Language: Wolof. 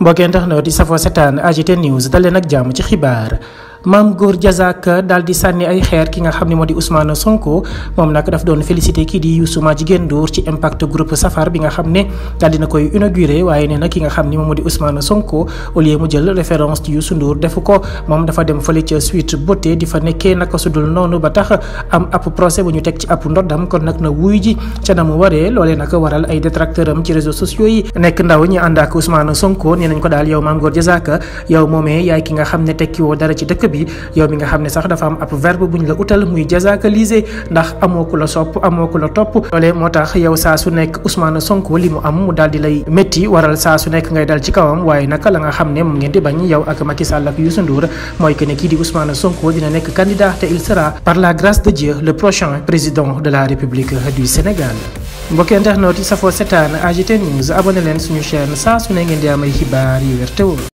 mbokkeen tax na di safoo setaan AGT news dalee nag jàmm ci xibaar maam góor Diazaka dal di sànni ay xeer ki nga xam ne moo di Ousmane Sonko moom nag daf doon félicité kii di Youssou Madjiguène Ndour ci impact groupe Safar bi nga xam ne daal dina koy inauguré waaye nee na ki nga xam ni moom moo di Ousmane Sonko au lieu mu jël référence ci Youssou Ndour ko moom dafa dem fële ca suite beauté di fa nekkee naka sudul noonu ba tax am ab procès bu ñu teg ci ab ndoddam kon nag na wuy ji ca na mu waree loolee nag waral ay détracteur am ci réseaux sociaux nekk ndaw ñi ànd ak Ousmane Sonko nee nañ ko daal yow maam góor Diazaka yow moomee yaay ki nga xam ne tekki woo dara ci dëkk bi yow mi nga xam ne sax dafa am ab verbe buñ la utal muy jasakalisé ndax amoo ku la sopp amoo ku la topp moo tax yow saa su nekk li mu am mu daal di lay métti waral saa ngay dal ci kawam waaye naka la nga xam ne moom ngeen di bañ yow ak Macky Sall ak Youssou Ndour mooy que ne kii di Ousmane Sonko dina nekk candidat te il sera par la grâce de Dieu le prochain président de la République du Sénégal mbokki internet yi safoo setaan AGT News abonné leen suñu chaîne saa su ne ngeen di am